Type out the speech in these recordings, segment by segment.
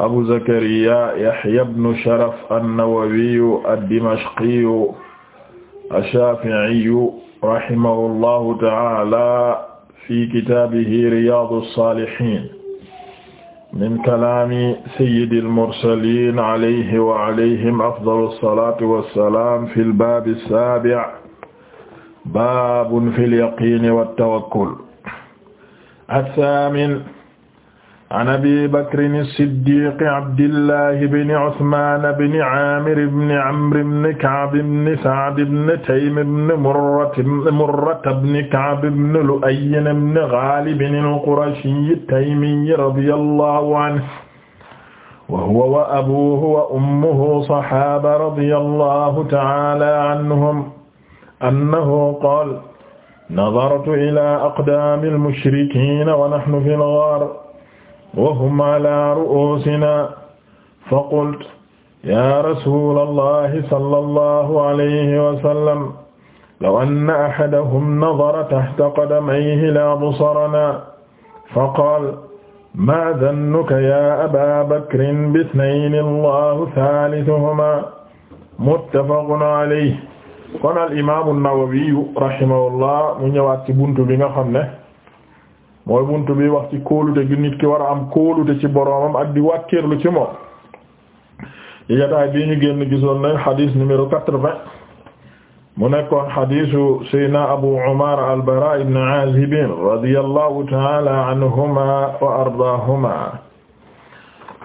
abu zakariya yahya ibnu sharaf annawawiyu addimashqiyu ash-shafi'iyu rahimahullahu ta'ala fi kitaabihi riyaadu saalihiin min kalaami sayyidil mursaliin alayhi wa alayhim afdalu salaatu wa salaam fil baabi saabi' baabun fil yaqiini wat tawakkul as-saamin an abi bakrin as-siddiq abdillah ibn uthman ibn amir ibn amr ibn ka'b ibn sa'd ibn taym ibn murra murra ibn ka'b ibn lu'ay ibn ghalib al-qurashi at-taymi radiyallahu anhu wa huwa wa abuhu wa ummuhu sahaaba radiyallahu ta'ala anhum annahu qaala nadartu ila aqdaami al-mushrikiina wa nahnu fil ghaar wa hum ala ru'uusinaa fa qultu yaa rasuulallaahi sallallahu alayhi wa sallam law anna ahadahum nadara tahta qadamayhi la absaranaa fa qaala maa zannuka yaa abaa bakrin bithnayni allaahu thaalisuhumaa muttafaqun alayhi kon al imaamu nawawiyu rahimahullah mu ñëwaat ci buntu bi nga xam ne mooy bunt bi wax ci kóolute gi nit ki war a am kóolute ci boroomam ak di wàkkeerlu ci moom ci jotaay bii ñu génn gisoon nañ xadis numéro mu nekkoon xadisu sayna abu umar al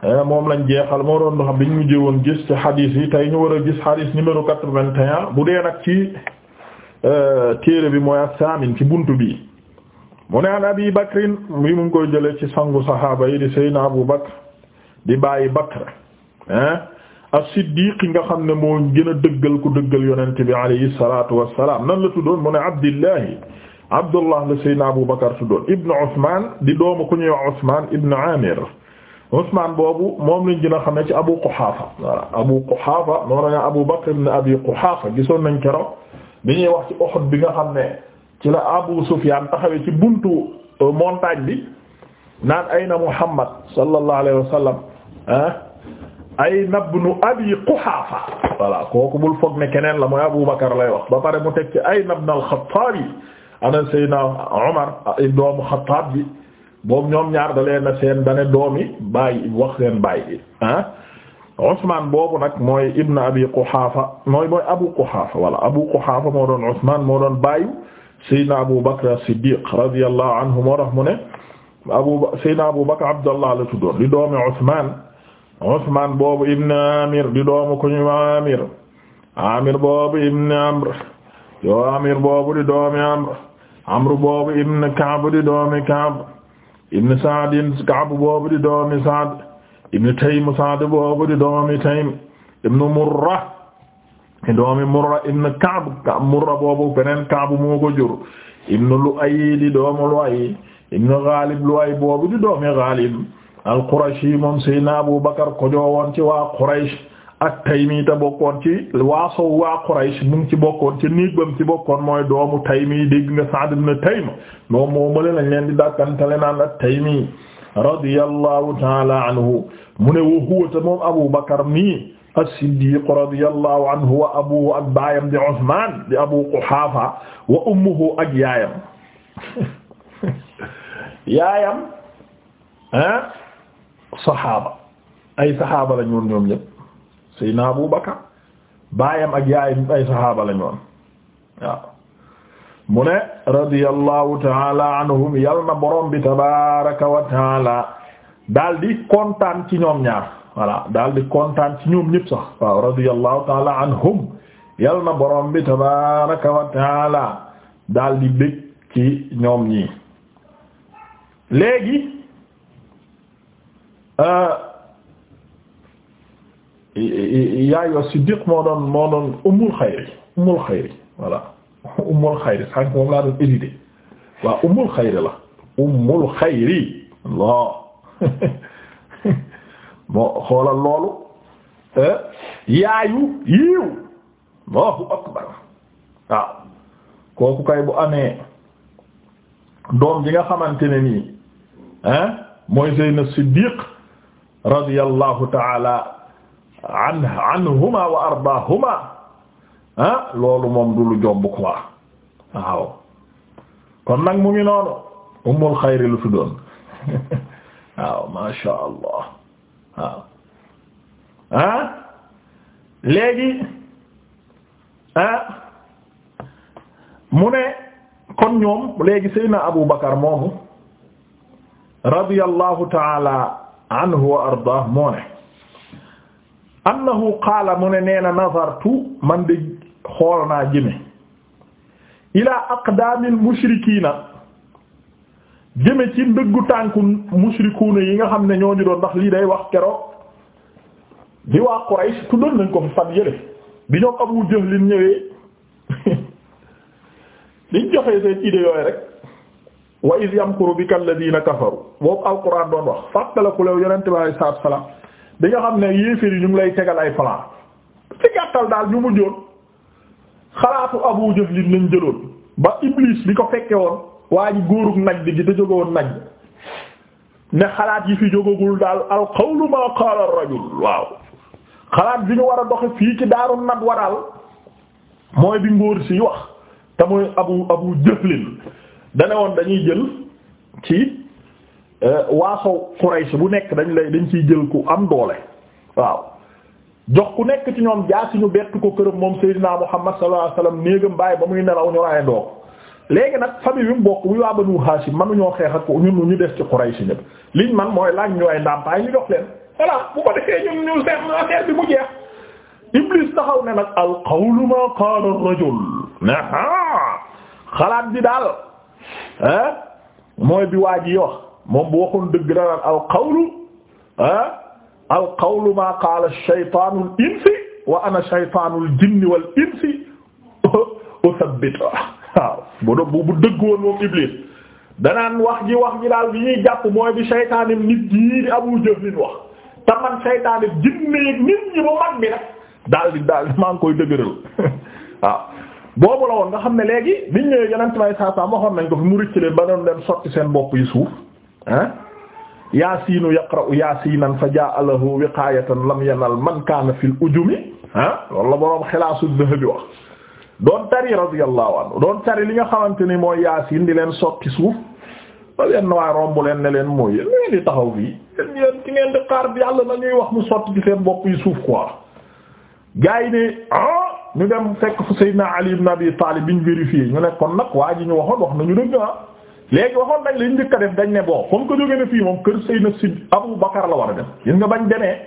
eh, moom lañ jeexal moo doon dox biñ mujjee woon gis ci xadis yi tey ñu war a gis xadis numéro quatre-vingt-un bu dee nag ci eh, téere bi mooy ak saamin ci bunt bi mu ne an abi bakrin bi mu ngi koy jële ci sangu sahaaba yi di saydna abu bakr di bàyyi bakr hein as-siddiq nga xam ne moo gën a dëggal ku dëggal yonent bi alayhi salatu wassalam nan la tuddoon mu ne abdillahi abdullah la saydna abu bakr tuddoon ibnu usman di doomu ku ñuy wax usman ibnu amir usman boobu moom lañ gën a xam ne ci abu quhafa voilà abu quhafa noonu la abu bakr ibn abi quhafa gisoon nañ keroog bi ñuy wax ci uhud bi nga xam ne ci la Abu Sufyan taxawee ci buntu euh, montagne bi naan ayna Muhammad sallallahu alayhi wa sallam ah ayna ibnu Abi Quhafa voilà kooku bul foog ne keneen la mooy Abu Bakar lay wax ba pare mu teg ci ayna ibnu al-Khattab ana Seydina Omar doomu Xattaab bi boobu ñoom ñaar da leen seen dane doomi bàyyi wax seen bàyyi ah nag mooy Ibn Abi mooy mooy Abu Quhafa moo doon Ousmane moo doon bàyyi. Seydina Abu Bakr as-Siddiq radiyallahu anhu moo tax mu ne Abu Seydina Abu Bakr Abdallah la tuddoon di doomi Usmaan Usmaan boobu ibn Amir di doomu ku ñu Amir Amir boobu ibn Amr yoo Amir boobu di doomi Amr Amr boobu ibn Ka'b di doomi Ka'b ibn Sa'd Ka'b boobu di doomi Sa'd ibn Taym Sa'd boobu di doomi Taym ibn Murrah doomi Murra ibn Ka'b Murra boobu beneen Ka'b moo ko jur ibn Lu'ay di doomu Lu'ay ibn Ghalib Lu'ay boobu di doomi Ghalib al-Qurashi moom Seydina Abu Bakar ko joowoon ci waa Quraysh ak Taymi ta bokkoon ci waasow waa Quraysh mu ngi ci bokkoon ci niig bam ci bokkoon mooy doomu Taymi dégg nga Sa'd ibn Taym moom moo mële lañ leen di dàkkantale naan at-Taymi radiyallahu ta'ala anhu mu ne wa huwa moom Abu Bakar nii as-Siddiq radiyallahu anhu wa abuhu ak baayam di Usmaan di Abu Quhaafa wa ummuhu ak yaayam yaayam ah saxaaba ay saxaaba lañu woon ñoom ñëpp Seydina Abu Bakar baayam ak yaayam ay saxaaba lañu woon waaw mu ne radiyallahu taala anhum yal na borom bi tabaaraka wa taala daal di kontaan ci ñoom ñaar. voilà daal di kontaan ci ñoom ñëpp sax waaw radiyallahu taala anhum yal na borom bi tabaraka wa taala daal di bég ci ñoom ñii léegi euh, yaayu Siddiq moo doon moo doon umul xayri umul moo xoolal loolu eh, yaayu yiiw Allahu akbar waaw kooku kay bu amee doom bi nga xamante ne nii eh, mooy Seydina Siddiq radiyallahu ta'ala an anhuma wa ardaahuma eh, loolu moom du lu jomb quoi waaw kon nag mu ngi noonu umul xayri lu fi doon waaw ma sha Allah waaw ah léegi ah mu ne kon ñoom léegi Seydina Abu Bakar moomu radiyallahu taala anhu wa ardaah moo ne annahu qaala mu ne nee na nazartu man de xool naa jëme ila aqdaamil mushrikiina jëme ci ndëggu tànku mushrikuuna yi nga xam ne ñoo ñu doon ndax lii day wax keroog di waa Quraysh tuddoon nañ ko fi fan yële bi ñoom li Jahl ñëwee liñ joxee seen idée yooyu rek wa iz yamkuru bi alladhina kafaru boobu alquran doon wax fàttaliku lew yonent bi alayhi salaatu wa salaam bi nga xam ne yéeféer yi ñu lay tegal ay plan gàttal daal ñu mujjoon xalaatu Abu Jahl lañ jëloon ba Iblis bi ko fekke woon waa ji góorug Najd gi te jógewoon Najd ne xalaat yi fi jógagul daal al qawlu ma qaala ar rajul waaw xalaat bi ñu war a doxe fii ci daaru Nadwa daal mooy bi ngóor si wax te mooy abu abu jëflin dane woon dañuy jël ci euh, waaso Quraysh bu nekk dañ lay dañ ciy jël ku am doole waaw jox ku nekk ci ñoom jaasi ñu bett ko këram moom Seydina Muhammad sallallahu alayhi wasallam néegam bàyyi ba muy nelaw ñu raay léegi nag famille bi mu bokk muy waa Banu Hashim manuñoo xeex ak ñu des ci Quraysh ñëpp liñ man mooy laaj ñu ay ndàmpaay ñu jox leen voilà bu ko defee ñun ñu seet affaire bi mu al qawlu ma qaala ar-rajul naha xalaat bi daal ah mooy bi waa dëgg la naan al qawlu ah al qawlu insi wa ana shaytaanul jinni wal waaw bu do bu dëggoon moom Iblis danaan wax ji wax ji daal bi ñuy jàpp mooy bi saytaane nit yii di Abu Jahl wax te man saytaane jinne mag bi nag daal di daal maa ngi koy dëgëral waaw. boobu la nga xam ne léegi biñ ñëwee yonent may saa saa waxoon nañ ko fi mu rëcc leen ba doon sotti seen bopp yi suuf ah. yaasiinu yaqra'u yaasiinan fa jaa lahu wiqaayatan lam yanal man kaana fil ujumi ah loolu la boroom xilaasu dhahabi wax. doon tari radiyallahu anhu doon tari li nga xamante ni mooy yaasin di leen sotti suuf ba leen na waay romb leen ne leen mooy yéen ngeen di taxaw fii yéen ki ngeen di xaar bi yàlla na ñuy wax mu sotti ci seen bopp yi suuf quoi gars yi ne ah ñu dem fekk fu Seydina Ali ibn Abi Talib biñ vérifié ñu ne kon nag waa ji ñu waxoon wax nañu dëgg ah léegi waxoon nañ li ñu njëkk a def dañ ne boo comme que jóge na fii moom kër Seydina si Abu Bakar la war a dem gis nga bañ demee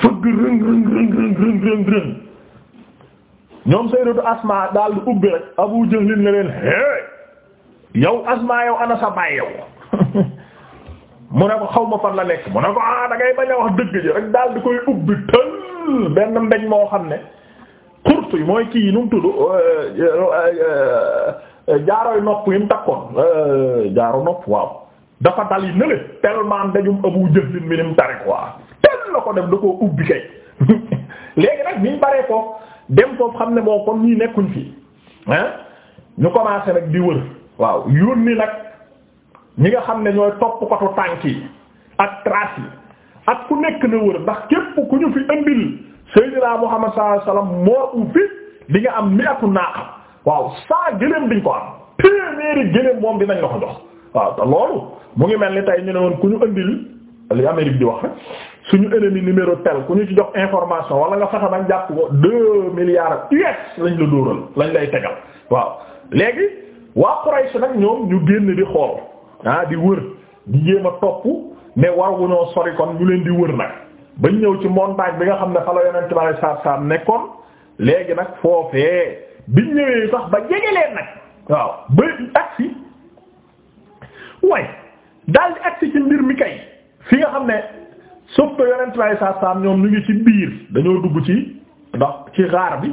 fëgg rëng rëng rëng rëng rëng rëng ñoom sayyidatu asma daal di ubbi rek abu jahlin ne leen yow asma yow ana sa baay yow mu ne ko xaw ma fan la nekk mu ne ko ah da bañ a wax dëgg ji rek daal di koy ubbi tël benn mbeñ moo xam ne xurt yi mooy kii yi nu mu tudd jaaroy nopp yi mu takkoon jaaro nopp waaw dafa dal yi nële tellement dajum abu jahlin mi ni mu tari quoi tël la ko def da koo ubbi kay léegi nag niñ baree ko dem foofu xam ne boo kon ñii nekkuñ fii ah ñu commencé nag di wër waaw yónni nag ñi nga xam ne ñooy toppkatu tànk yi ak trace yi ak ku nekk na wër ndax képp ku ñu fi ëndil Seydina Muhammad sallallahu alayhi wasallam moo u fi di nga am mi atu naaqam waaw saa gëléem diñ ko am téeméeri gëléem moom dinañ la ko jox waaw te loolu mu ngi mel ni tey ñu ne woon ku ñu ëndil li di wax rek su suñu ennemi numéro tel ku ñu ci jox information wala nga fexe nag jàpp ko deux milliards US lañ la dóoral lañ lay tegal waaw léegi waa Quraysh nag ñoom ñu génn di xool ah, di wër di jéem a topp ne war wu ñoo sori kon ñu leen di wër nag bañ ñëw ci montagne bi nga xam ne fa la yonent bi alayhi salaatu nekkoon léegi nag foofee biñ ñëwee sax ba jege leen nag waaw ba agsi way daal di agsi ci mbir mi kay fi nga xam ne sauf que yonent lay ñoom ñu ngi ci biir dañoo dugg ci ndax ci xaar bi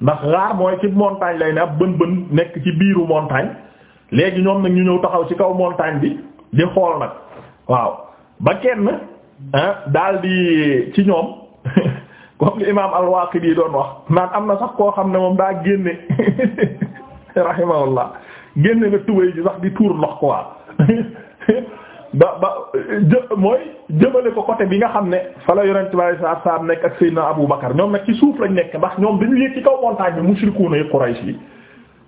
ndax xaar mooy ci montagne lay ne ab bën bën nekk ci biiru montagne léegi ñoom nag ñu ñëw taxaw ci kaw montagne bi di xool nag waaw ba kenn daal di ci ñoom comme li imaam al-Waaqidi doon wax naan am na sax koo xam ne moom daa génne rahimahullah génne na tubéy ji sax di tuur ndox quoi ba ba jë mooy jëmale ko côté bi nga xam ne fa la yonent bi alayhi salaatu salaam nekk ak na Abu Bakar ñoom nag ci suuf lañ nekk ndax ñoom dañu yéeg ci kaw montagne bi mushrikuuna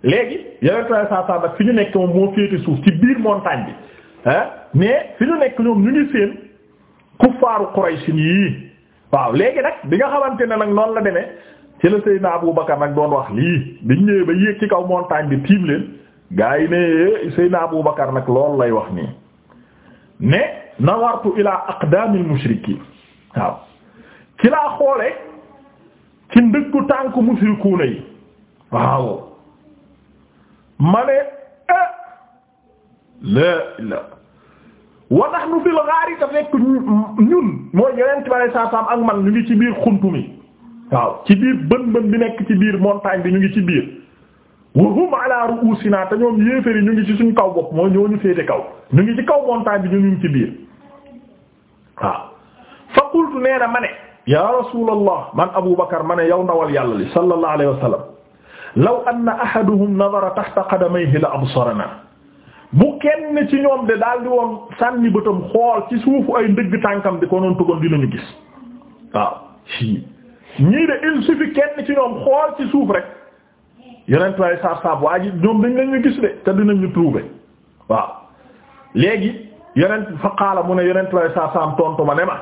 léegi yonent bi nag fi ñu nekk moom moo féete suuf ci biir montagne bi ah mais fi ñu nekk ñoom ñu ngi seen kuffaaru Quraysh yi waaw léegi nag bi nga xamante ne nag noonu la demee ci la Seydina Abu Bakar nag doon wax lii biñ ñëwee ba yéeg ci kaw montagne bi tiim leen gaa yi ne eh, Seydina Abu Bakar nag lool lay wax nii. ne nawartu ila aqdaamil mushrikiin waaw ci laa xoole ci ndëggu tànk mushrikuuna yi waaw ma ne ah la la wa nahnu fil ghaari te fekk ñun mooy yeneen tibare saa saam ak man ñu ngi ci biir xuntu mi waaw ci biir bën bën bi nekk ci biir montagne bi ñu ngi ci biir wa hum ala naa te ñoom yéeféri ñu ngi ci suñ kaw bopp mooy ñoo ñu féete kaw ñu ngi ci kaw montagne bi ñu ngi ci biir waaw fa qultu nee na ma ne ya rasulallah man abu bakar ma ne yow ndawal yàlla li sallallahu alayhi wa sallam law anna ahaduhum nadara tahta qadamayhi la absarana bu kenn ci ñoom de daal di woon sànni bëtam xool ci suufu ay ndëgg tànkam di ko noon tugoon dinañu gis waaw ñii de il suffit kenn ci ñoom xool ci suuf rek yeneen tuwaay saab waa ji ñoom dañ lañu gis de te dinañu trouver waaw léegi yeneen fa qaala mu ne yeneen tuwaay saab tontu ma ne ma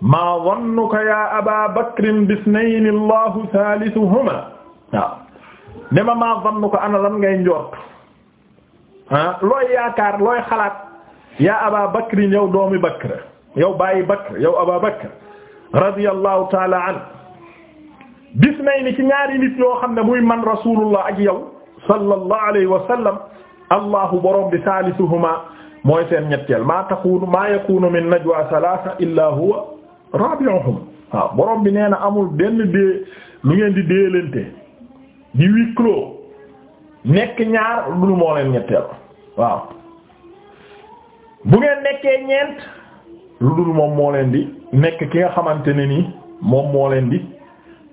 maa zannuka yaa Abaa Bakrin bisnayni Allahu thaalisuhumaa waaw ne ma maa zannuka ana lan ngay njort ah looy yaakaar looy xalaat yaa Abaa Bakrin yow doomi Bakr yow bàyyi Bakr yow Abaa Bakr radiyallahu ta'ala anhu bis nay ni ci ñaari nit yoo xam ne muy man rasulullah ak yow sallallahu alayhi wa sallam allahu borom bi salisuhuma mooy seen ñetteel maa takunu maa yakunu min najwa salaasa illa huwa rabi'uhum waaw borom bi nee amul benn dee lu ngeen di déelante di huis clos nekk ñaar lu moo leen ñetteel waaw bu ngeen nekkee ñeent lu dul moom moo leen di nekk ki nga xamante ne ni moom moo leen di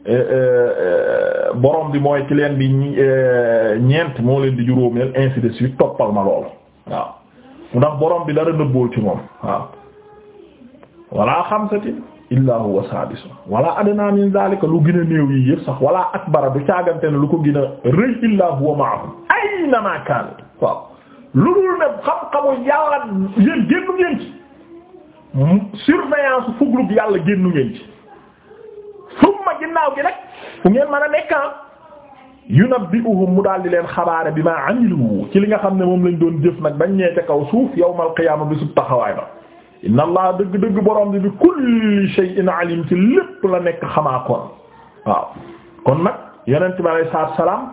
Eh, eh, eh, borom bi mooy ci leen di ñeent moo leen di juróomeel ainsi de toppal ma lool waaw ndax borom bi dara nëbbool ci moom waaw wala xamsatin illa huwa sadis wala adna min zalika lu gën néew yi yëpp sax wala akbara du caagante ne lu ko gën a rëy illa huwa ma'ahum ayna ma kaanu waaw lu dul ne xam-xamu yàlla yéen ngeen ci surveillance fuglub yàlla génnu ngeen ci summa ginnaaw gi nag fu ngeen man a nekk ah. yunabbi'uhum mu daal di leen xabaare bi ma amilu ci li nga xam ne moom lañ doon jëf nag bañ ñeete kaw suuf yawmal qiyaama bi sub taxawaay ba inna allah dëgg-dëgg borom bi bi kulli shay'in alim ci lépp la nekk xamaa kon waaw kon nag yonent bi alayhi salaatu salaam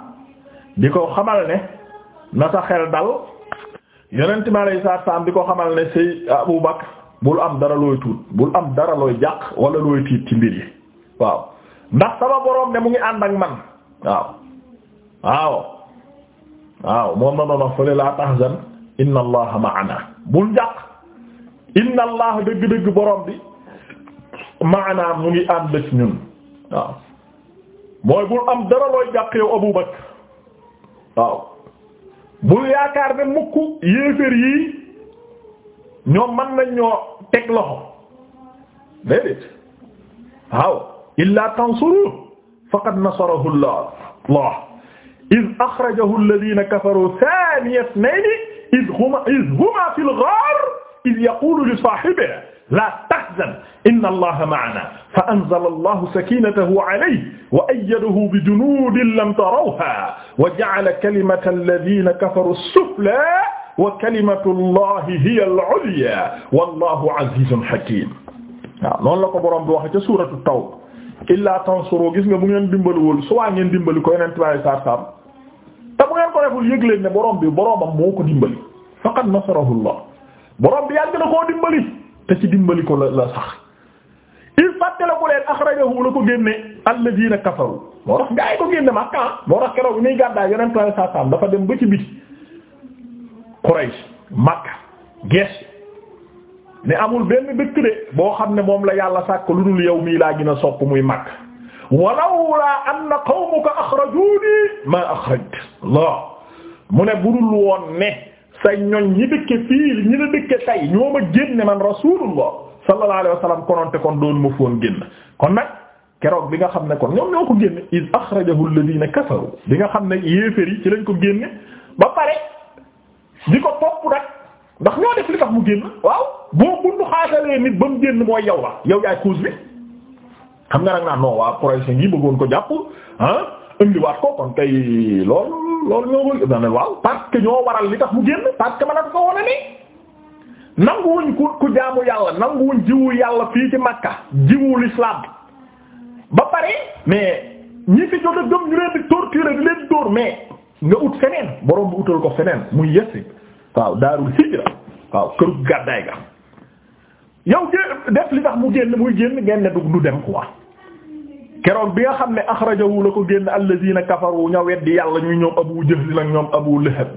di ko xamal ne na sa xel dal yonent bi alayhi salaam di ko xamal ne say Abu Bakr bul am dara looy tuut bul am dara looy jàq wala looy tiit ci mbir yi ndax sama borom ne mu ngi ànd ak man waaw waaw waaw moom la doon wax fële laa tahzan inna allaha ma'ana bul njàq inna allah dëgg-dëgg borom bi ma'ana mu ngi ànd ak ñun waaw mooy bul am dara looy jàq yow Abu Bakr waaw bul yaakaar ne mukk yéeféer yii ñoom mën nañ ñoo teg loxo déedéet waaw illaa tansuruhu faqad nasarahu Allah Allah iz akhrajahu alladhina kafaru thaniya ithnayni iz huma iz huma fil ghar iz yaqulu li sahibihi la tahzan inna Allaha ma'ana fa anzala Allahu sakinatahu alayhi wa ayyadahu bi junudin lam tarawha wa ja'ala kalimata alladhina kafaru as-sufla wa kalimatu Allahi hiya al-'ulya wallahu 'azizun hakim waaw noonu la ko boroom bi waxee ca suuratu Tawba illaa tansuru gis nga bu ngeen dimbaluwul soit ngeen dimbali ko yeneen tubaab yi saa saam te bu ngeen ko deful yëg ne boroom bi boromam moo ko dimbali faqad nasarahullah borom bi yàgg na koo dimbali te ci dimbali ko la la sax. il fàtte la ko leen axrajahu la ko génne alladina kafaru moo tax gaa yi ko génne Makka moo tax keroog bi muy gàddaay yeneen tubaab yi saa dafa dem ba ci biti Quraysh Makka gees ne amul benn dëkk de boo xam ne moom la yàlla sàkk lu dul yow mii laa gin a sopp muy mag walawlaa anna qawmuka axrajuuni ma axraj laa mu ne budul woon ne sa ñoñ ñi dëkke fii ñi la dëkke tay ñoo ma génne man rasulullah sallallahu alayhi wa sallam kononte kon doon ma génn kon nag keroog bi nga xam ne kon ñoom ñoo ko génne iz axrajahu alladhina kafaru bi nga xam ne yéefér yi ci lañ ko génne ba pare di ko topp nag ndax ñoo def li tax mu génn boo bundu xaatalee nit ba mu génn mooy yow la yow yaay cause bi xam nga nag naa non waa projet yi bëggoon ko jàpp ah indiwaat ko kon kay loolu loolu ñoo ko daan parce que ñoo waral li tax mu génn parce que a nag ko wone ni ku ku jaamu yàlla nanguwuñ jiwu yàlla fii ci Makka jiwu l'islam ba pare mais ñi fi jot a gëm ñu leen di torturer di dóor mais nga ut feneen borom bu utal ko feneen muy yesi waaw daarul hijra waaw këru gàddaay ga yow def li tax mu génn muy génn ngeen ne du dem quoi keroog bi nga xam ne axrajahu la ko génn alladina kafaru ña weddi yàlla ñuy ñoom abu jahl nag ñoom abu lahab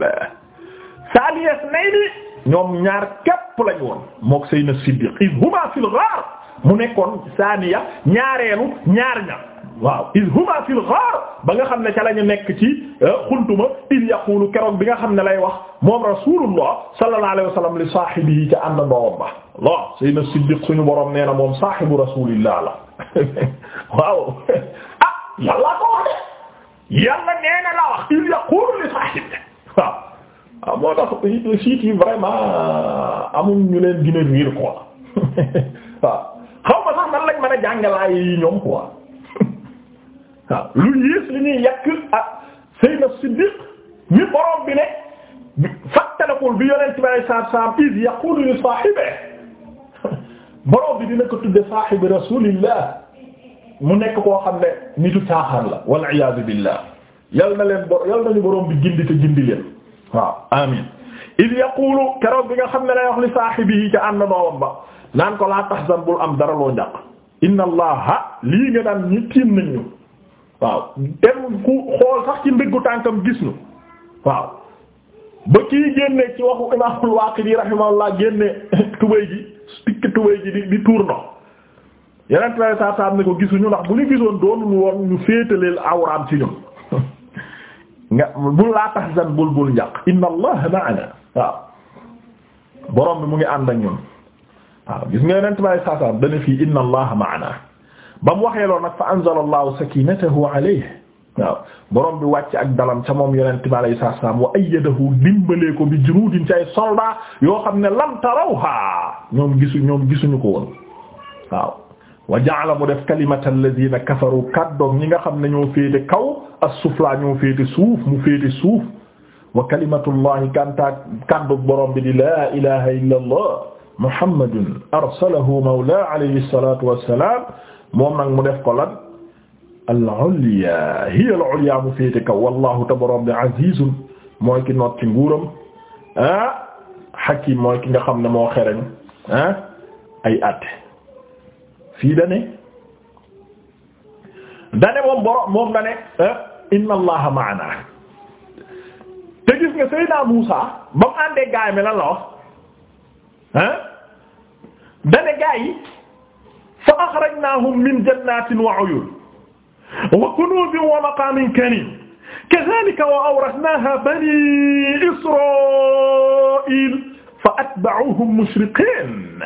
saaliyas nay ni ñoom ñaar képp lañ woon mook sayna siddiq iz huma fil ghaar mu nekkoon saaniya ñaareelu ñaar ña waaw iz huma fil ghaar ba nga xam ne ca la ñu nekk ci euh, xuntuma il yaqulu keroog bi nga xam ne lay wax moom rasulullah sallallahu alayhi wa sallam li saahibihi ca ànd ndoowam ba Allah Seydina Siddiq suñu borom nee na moom saaxibu rasulillah la waaw ah yàlla ko wax de yàlla nee na la yaqulu li saaxib waaw waaw ah, moo vraiment amul ñu leen gën a riir quoi waaw xaw ma sax nan lañ mën a jàngalaay yi ñoom quoi waaw lu yées li ñuy yàq ah Seydina Siddiq mi borom bi ne fàttalikul bi yonent bi sallallahu alayhi wasallam il yaqulu li saaxibihi borom bi dina ko tudde saahibi rasulillah mu nekk koo xam ne nitu caaxaan la wal iyaadu billah yal na leen bo yal nañu bi gindi te gindi leen waaw amin il yaqulu keroog bi nga xam ne lay wax li saahibihi ca ànd noowam ba naan ko laa tahzan bul am dara loo njàq inna allaha lii nga naan ñu tiim ñu waaw ku xool sax ci mbéggu tànkam gis ñu waaw ba kii génne ci waxu imaamul Waaqidi rahimahullah génne tubéy ji tikk tubéy ji di di tourno yeneen traité saa saa ko gisuñu ndax bu ñu gisoon doonul woon ñu féetaleel awraam ci ñun nga bul laa tahzan bul bul njàq inna allaha ma'ana waaw borom bi mu ngi ànd ak ñun waaw gis nga yeneen traité saa saa am dana fii inna allaha ma'ana ba mu waxee loolu nag fa anzala allahu sakinatahu alayhi waaw borom bi wàcc ak dalam ca moom yonent bi alayhi salaam wa ayyadahu dimbalee ko bi junuudin ci ay soldat yoo xam ne lam tarawha ñoom ñoom gisuñu ko woon waaw wa mu def kalimata alladhina kafaru kaddoom ñi nga xam ne ñoo féete kaw as-sufla ñoo féete suuf mu féete suuf wa kalimatullahi kantaak kaddoog borom bi di la ilaha illa allah muhammadun arsalahu mawla alayhi salatu wassalam moom nag mu def ko lan al-ulya hiya al-ulya mu féete kaw wallahu te borom bi azizun mooy ki noot ci nguuram ah hakim mooy ki nga xam ne moo xereñ ah ay àtte fii dane dane moom borom moom dane ah, inna allaha maana te gis nga Seydina Muusaa ba mu àndee gaay mi lan la wax ah dane gaay yi fa axrajnaahum min jannatin wa uyun wa kunuuzin wa maqaamin kariim kazaalika wa awrasnaahaa banii Israa'iil fa atba'uuhum mushriqiin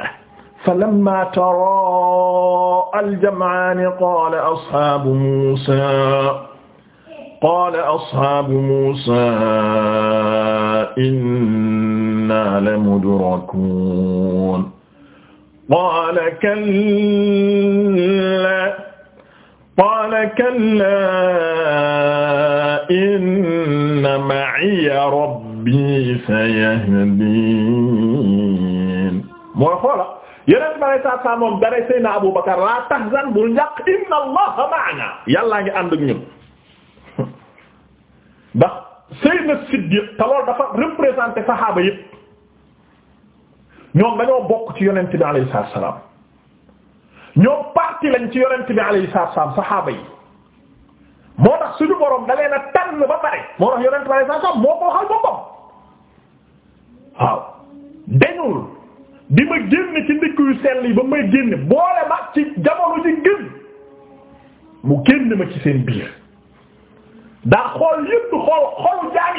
falammaa taraa'a al-jam'aani qaala ashaabu Muusaa qaala ashaabu Muusaa innaa lamudrakuun qaala kallaa qaala kallaa inna ma'iya rabbi sayahdiin mooy xoola yeneen ma lay saasaa moom danay Seydina Abu Bakar laa tahzan bul njàq inna allaha ma'anaa yàllaa ngi ànd ak ñun ndax Seydina Siddiq te loolu dafa représenté saxaaba yépp ñoom dañoo bokk ci yonent bi alayhi salaam ñoom parti lañ ci yonent bi alayhi salaam saxaaba yi moo tax suñu borom da na a tànn ba pare moo tax yonent bi alayhi salaam moo ba may génn boole ma ci jamono mu génn ci seen biir daa xool yëpp xool xolu jaam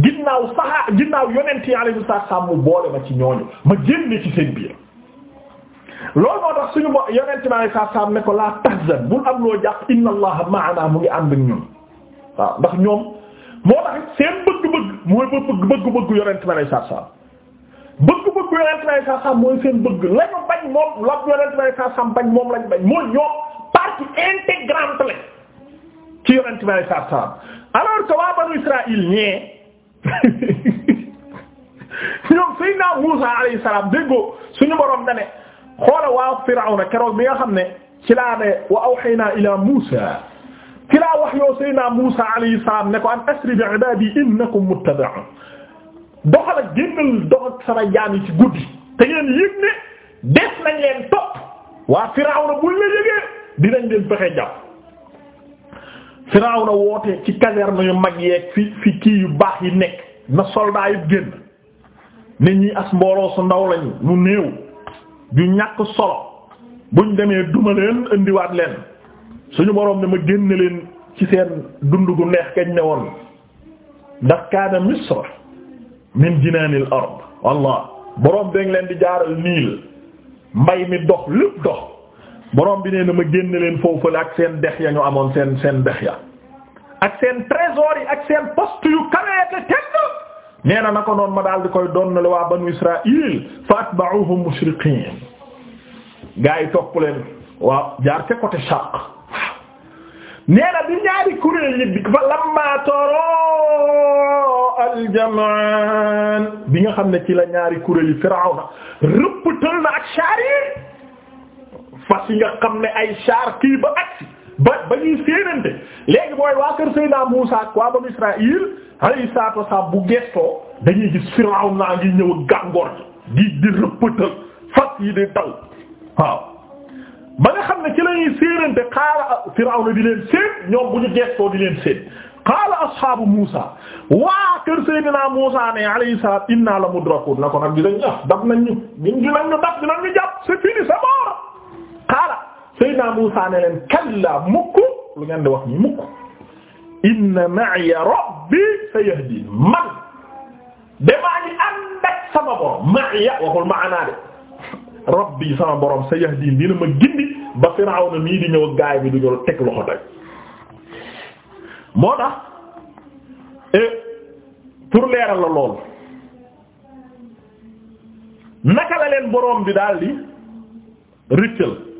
ginnaaw saxaa ginnaaw yonent yi alayhi salaam mu ci ñooñu ma génn ci seen biir lool moo tax suñu bo yonent bi saa saa ne ko laa tahzan bul am loo jàpp inna allaha ma'ana mu ngi ànd ak ñun waaw ndax ñoom moo tax seen bëgg-bëgg mooy bëgg bëgg-bëggu yonent bi saa saa seen bëgg lañu bañ moom la bañ moom lañ bañ mooy ñoom partie intégrante la ci yonent bi saa saa alors que banu Israël ñee ñoom Seydina Muusaa alayhi salaam déggoo suñu borom dane xoola waa Firawna keroog bi nga xam ne ci laa ne wa awhaynaa ilaa Muusaa ci laa wax yow Seydina Muusaa alayhi salaam ne ko an asri bi ibaadii innakum muttabaun doxal ak génnal dox ak sama jaam yi ci guddi te ngeen yëg ne des nañ topp waa Firawna buñ la yëgee dinañ leen fexe jàpp Firawna woote ci caserne yu mag yeeg fi fi kii yu baax yi nekk na soldat yu génn nit ñi as mbooloo su ndaw lañu mu ju ñàkk solo buñ demee duma leen indiwaat leen suñu boroom da ma génn leen ci seen dund gu neex kañ ne woon ndax kaana misra min jinaanil ard wallah boroom dañ leen di jaaral niil mbay mi dox lépp dox boroom bi nee na ma génn leen foofu la ak seen dex ya ñu amoon seen seen dex ya ak seen trésor yi ak seen poste yu kaweete tenn nee na nako noonu ma daal di koy donnale waa banu israil fa atba'uhum mushriqin gaa yi topp leen waaw jaar ca côté Shaq nee na bi ñaari kuréel yi fa lamma toro aljamaan bi nga xam ne ci la ñaari kuréel yi Firawna rëpp tël na ak char yi fas yi nga xam ne ay char kii ba agsi ba ba ñuy séenante léegi mooy waa kër Seydina Muusaa ak waa Banu Israayil alayhi bu gestoo dañuy gis Firawna ngi ñëw gàngoor di di rëppëtal fas yi di taw waaw ba nga xam ne ci la ñuy séenante xaala Firawna di leen séen ñoom bu ñu gestoo di leen séen qaala ashaabu Muusaa waa kër Seydina Muusaa ne alayhi inna la mudrakuun na ko nag dinañ ah dab nañ ñu ñun dinañ ñu dab dinañ ñu jàpp c'est fini c'est mort qaala Seydina Muusaa ne leen kalla mukk lu ngeen di wax ni mukk inna ma'iya rabbi sayahdin man damaa ngi ànd ak sama borom ma'iya waxul ma'anaa de rabbi sama borom sayahdin dina ma gindi ba Firawna mii di ñëw gaay bi du ñu teg loxo day moo tax e, pour leeral la lool naka la leen borom bi daal di rëccal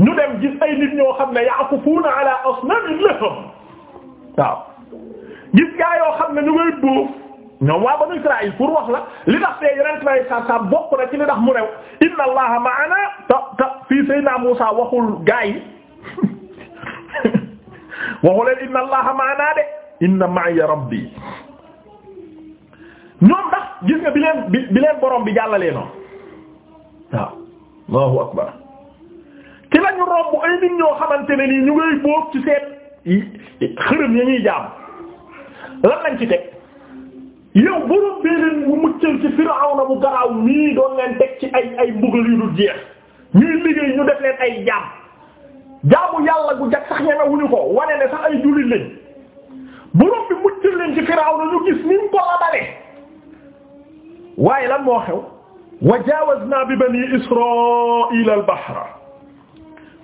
ñu dem gis ay nit ñoo xam ne ya'kufuuna ala asnaamin lahum waaw gis gaa yoo xam ne ñu ngay bóof ñoom waa banu Israël pour wax la li tax tey yeneen traçais sa sa bokk na ci li tax mu rew inna allaha ma'ana ta ta fii Seydina Muusa waxul gaa yi waxuleen inna allaha ma'ana de inna ma'iya rabbi ñoom ndax gis nga bi leen bi leen borom bi jàllalee noonu waaw Allahu akbar ci lañu romb ay nit ñoo xamante ne nii ñu ngay bóob ci seet xërëm ya ñuy jaam lan lañ ci teg yow borom bee leen bu muccal ci Firawna bu garaaw mii doon leen teg ci ay ay mbugal yu dul jeex ñuy liggéey ñu def leen ay jaam jaamu yàlla gu jag sax ñemewuñu ko wane ne sax ay jullit lañ borom bi muccal leen ci Firawna ñu gis ni mu ko la dale waaye lan moo xew wa jaawazna bi bani Israa'ila al-bahra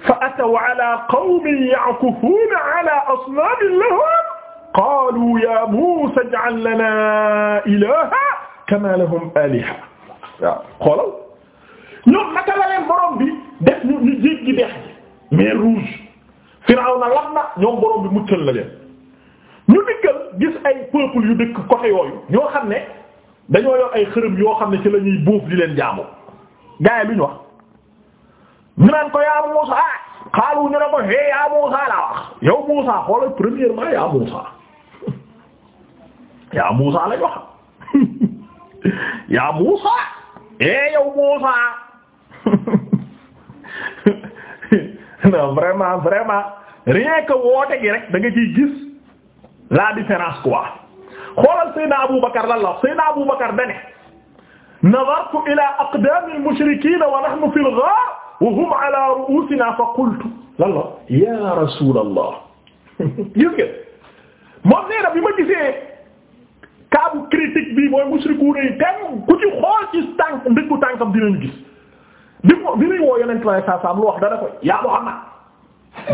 fa ataw ala qawmin ya'kufuuna ala asnaamin lahum qaaluu yaa Muusaa ij'al lanaa ilaahan kamaa lahum aaliha waaw xoolal ñoom naka la leen borom bi def ñu ñu jéggi dex gi mer rouge Firawna lab na ñoom borom bi muccal la leen ñu dikkal gis ay peuple yu dëkk côté yooyu ñoo xam ne dañoo yor ay xërëm yoo xam ne ci la ñuy buuf di leen jaamu gaay lu ñu wax ñu naan ko yaa Muusa ah, xaalu ñu ne ko hee yaa Muusa la wax yow Muusa xoolal premièrement yaa Muusa yaa Muusa la ñu wax yaa Muusa eh yow Muusa non vraiment vraiment rien que woote gi rek da nga ciy gis la différence quoi xoolal Seydina Aboubacar lan la wax Seydina Aboubacar da ne nazartu ila aqdamil mushrikiina wa nahnu fil ghaar wa hum ala ru'usina fa qultu lan la ya rasulallah gis ngeen moom nee na bi ma gisee kaabu critique bi mooy musrikuuna yi tem ku ci xool ci tànk ndëggu tànkam dinañu gis bi mu bi muy woo yonent bi saa saa lu wax dana ko yaa Muhammad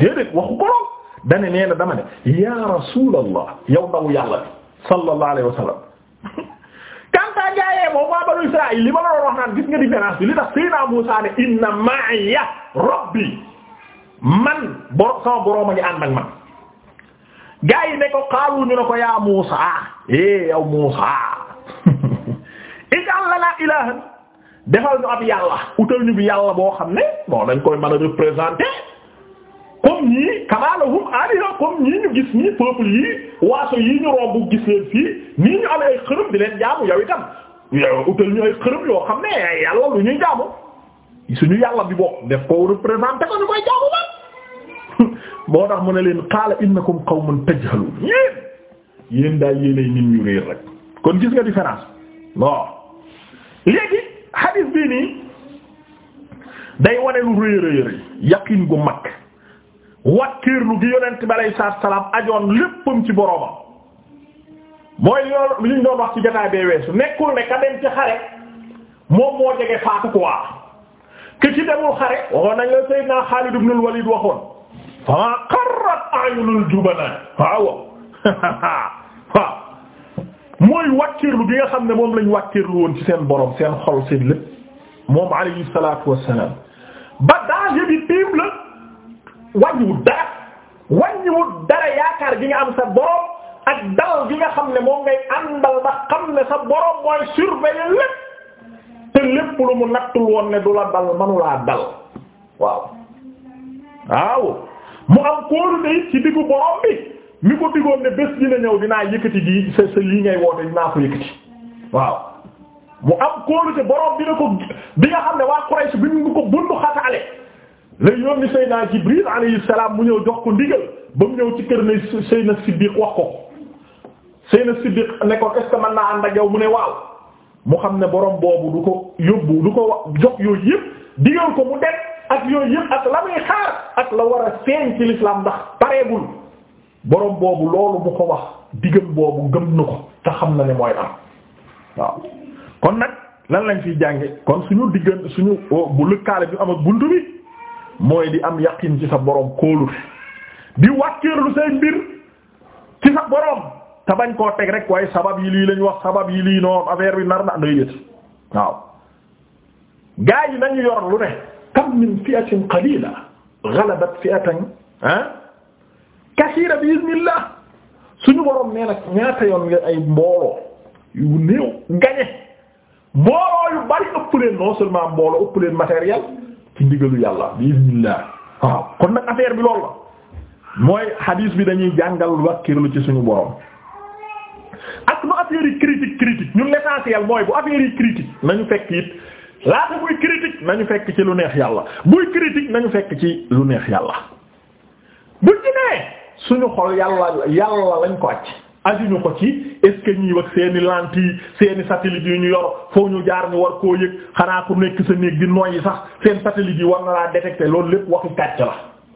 déedéet waxu ko lool dane nee na dama ne ya rasulallah yow ndaw yàlla bi sallallahu alayhi wa sallam moom waa banu Israël li ma la wax naan gis nga différence bi li tax Seydina Muusaa ne inna ma'iya rabbi man borom sama borom a ngi ànd ak man. gaa ne ko xaalu ñu ne ko yaa Muusaa eh yow Muusaa ij'al lanaa ilaahan defal ñu ab yàlla utal ñu bi yàlla boo xam ne bon dañ koy mën a représenter comme ñii kamaa lahum aaliha comme ñii ñu gis ñii peuple yi waaso yi ñu romb gis leen fii nii ñu amee ay di leen jaamu yow itam utal ñu ay xërëm yoo xam ne yàlla lu ñuy jaamu suñu yàlla bi bokk def ko représenté ko ñu koy jaamu moo tax mu ne leen qaala innakum qawmun tajhalun yéen kon gis nga différence non léegi hadis bii nii day wane lu rëy rëy rëy yaqin gu mag wàkkiirlu gi yonent bi alayhi salaam ajoon léppam ci boroomam mooy li ñu doon wax ci jotaay bee weesu nekkul ne ka dem ci xare moom moo jege faatu quoi que ci demul xare waxoon nañ la Seydina Xaalid ibn al-Walid waxoon fa qarrat a'yunul jubana waaw waaw mooy wàkkirlu bi nga xam ne moom lañ wàkkirlu woon ci seen boroom seen xol seen lépp moom alayhi salaatu wassalaam ba danger bi tiim la wàññiwul dara wàññiwul dara gi nga am sa borom. ak dal gi nga xam ne moom ngay àndal ba xam ne sa borom mooy surveiller lépp te lépp lu mu nattul woon ne du la dal manulaa dal waaw waaw mu am kóolu ne ci diggu borom bi mi ko diggoon ne bés dina ñëw dinaa yëkkati gi sa sa lii ngay woote dinaa ko yëkkati waaw mu am kóolu te borom dina ko bi nga xam ne waa Quraysh bi mu ko bundu xataale lay yónni Seydina Jibril alayhi salaam mu ñëw jox ko ndigal ba mu ñëw ci kër ne Seydina Siddiq wax ko Seydina Siddiq ne ko est naa ànd ak yow mu ne waaw mu xam ne boroom boobu du ko yóbbu du ko jox yooyu yëpp digal ko mu dem ak yooyu yëpp ak la muy ndax pareegul borom boobu loolu mu ko wax digal boobu gëm na ko te xam na ne mooy am waaw kon nag lan lañ fiy jànge kon suñu diggan suñu bu lëkkaale bi am ak buntu bi mooy di am yaqin ci sa borom kóolute di wàcceerlu say mbir ci sa borom. te bañ koo teg rek waaye sabab yi lii lañu wax sabab yi lii noonu affaire bi nar na doy waaw gaa yi nañu yor lu ne kam min fi'atin qalila ghalabat fi'atan ah kaseera bi iznillah suñu borom nee nag ñaata yoon ay mbooloo yu néew gañe mbooloo yu bari ëpp leen non seulement mbooloo ëpp leen matériel ci ndigalu yàlla bi iznillah waaw kon nag affaire bi loolu la mooy hadis bi dañuy jàngal wàkkirlu ci suñu borom affaire yi critique critique ñun mooy bu affaire yi critique nañu fekk it laata muy critique nañu fekk ci lu neex yàlla buy critique nañu fekk ci lu neex yàlla bu ci nee suñu xol yàlla yàlla lañ ko acc ajuñu ko ci est-ce que ñuy wax seeni lentille seeni satellite yu ñu yor foo ñu jaar ñu war koo yëg xanaa ku nekk sa néeg di yi sax seen satellite yi war na laa détecter loolu lépp waxu kàcc la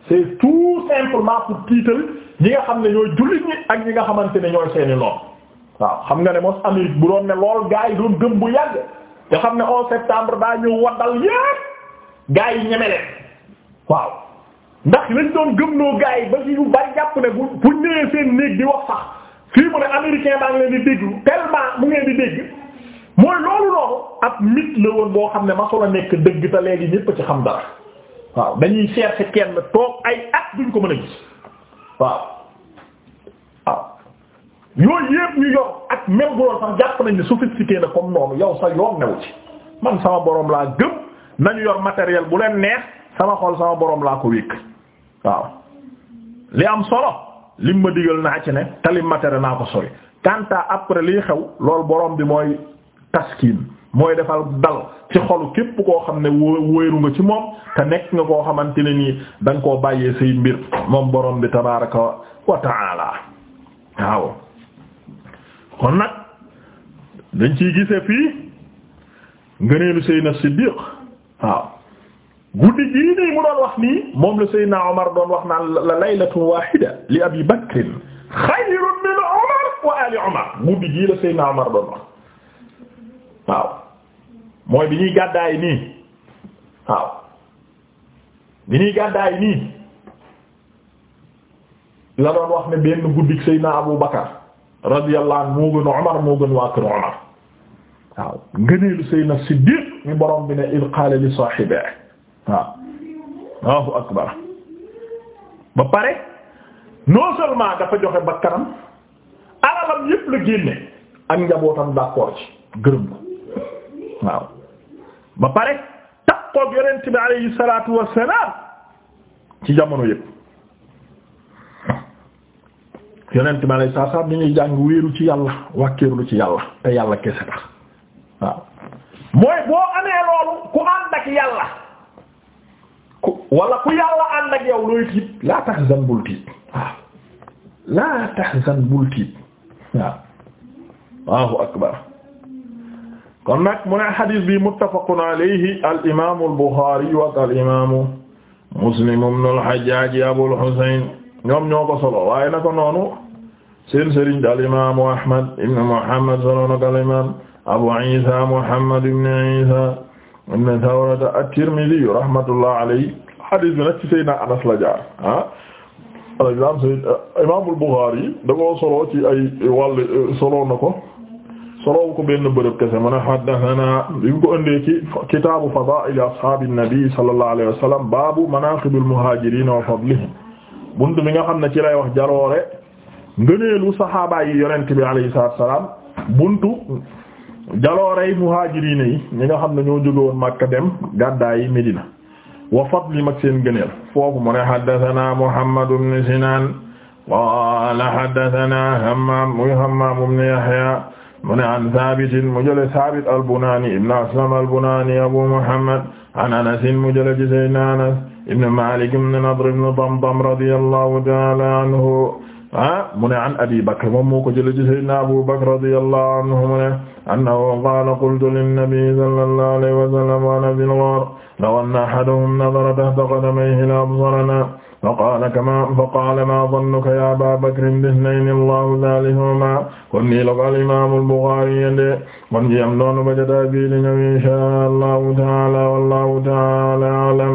c'est tout simplement pour tiital ñi nga xam ne ñooy jullit ñi ak ñi nga xamante ne ñooy seeni noon waaw xam nga ne mos Amérique bu doon ne lool gaa yi doon gëm bu yàgg te xam ne 11 septembre daa ñëw waddal yépp gaa yi ñeme leen waaw ndax lañ doon gëmloo gaa yi ba ci ñu bari jàpp ne bu bu ñëwee seen néeg di wax sax fii mu ne américain baa ngi leen di déglu tellement mu ngeen di dégg mooy loolu loolu ab la woon boo xam ne ma solo nekk dëgg te léegi ñépp ci xam dara waaw dañuy chercher kenn toog ay at duñ ko mën a gis waaw. yooyu yépp ñu yor ak même bu doon sax jàpp nañ ne sophistiqué na comme noonu yow sa yoon new ci man sama boroom laa gëm nañu yor matériel bu leen neex sama xol sama boroom laa ko wékk waaw li am solo lim ma digal naa ci ne te lim naa ko sori quant après liy xew loolu boroom bi mooy taskiin mooy defal dal ci xolu képp koo xam ne wóoru nga ci moom te nekk nga koo xamante ne nii da koo bàyyee say mbir moom boroom bi tabaaraka wa ta'ala waaw. kon nag dañ ciy gise fii ngëneelu na Siddiq waaw guddi gii nii mu doon wax nii moom la Seydina Omar doon wax naan la laylatun wahida li Abi Bakr xayrun min Omar wa ali Omar guddi gii la Seydina Omar doon wax waaw mooy bi ñuy gàddaay nii waaw bi ñuy gàddaay nii la doon wax ne benn guddi na Abu Bakar radiyallahu anhu moo gën Umar moo gën waa kër Umar waaw ngëneelu Seydina Siddiq mi borom bi ne il qaala li saahibihi waaw Allahu akbar ba pare non seulement dafa joxe bakkanam alalam yépp la génne ak njabootam d'accord ci gërëm ko waaw ba pare takkoog yonent bi alayhi salaatu wassalaam ci jamono yépp yonent mi alayhi salaatu salaam dañuy jàng wéeru ci yàlla wàkkeerlu ci yàlla te yàlla kese tax waaw mooy boo amee loolu ku ànd ak yàlla ku wala ku yàlla looy tiit laa tahzan bul tiit waaw laa tahzan bul tiit waaw Allahu akbar kon nag mu ne xadis bi muttafaqun alayhi al imaamu al Buxaari wa al imaamu Muslim ibnu al Hajjaaj Abul Husayn ñoom seen sëriñ daal imaamu ahmad ibn muhammad solono kal imaam abu isa muhammad ibn isa ibn thawrata at-tirmidhi rahmatullah alayhi hadith bi nag ci sayyidina anas la jaar ah par exemple sayyid euh, imaamul bukhari da ko solo ci ay wàll euh, solo na ko solo ko benn bërëb kese mu ne haddathana bi mu ko indee ci kitaabu fadaa'il ashaabi nabi sallallahu alayhi wa sallam baabu manaaqibil muhaajiriina wa fadlihim bunt mi nga xam ne ci lay wax jaroore ngëneelu saxaaba yi yonent bi alayhi salaatu wa salaam buntu jaloorey muhaajiriin yi ñi nga xam ne ñoo jóge woon Makka dem gàddaa yi Medina wa fadli mag seen gëneel foofu mu ne haddathana Muhammad ibn Sinan qaala haddathana Hammaam muy Hammaam ibn Yahya mu ne an Saabitin mu jële Saabit al-Bunaani ibn Aslam al-Bunaani Abu Muhammad an Anasin mu jële ci Sayyidina Anas ibn Maalik ibn Nadr ibn Damdam radiyallahu ta'ala anhu ah mu ne an abi bakr moom moo ko jële ci sayyidina abu bakr radiyallahu anhu mu ne annahu qaala qultu linnabi sallallahu alayhi wa sallam wa ana fil ghaar law anna ahadahum nadara tahta qadamayhi la absarana fa qaala kama fa qaala ma zannuka ya aba bakrin bithnayni allahu thaalithuhuma kon nii la ko al imam al bukhari yende kon ji am noonu ba jota bi li ñëw inshaa allahu taala wallahu taala alam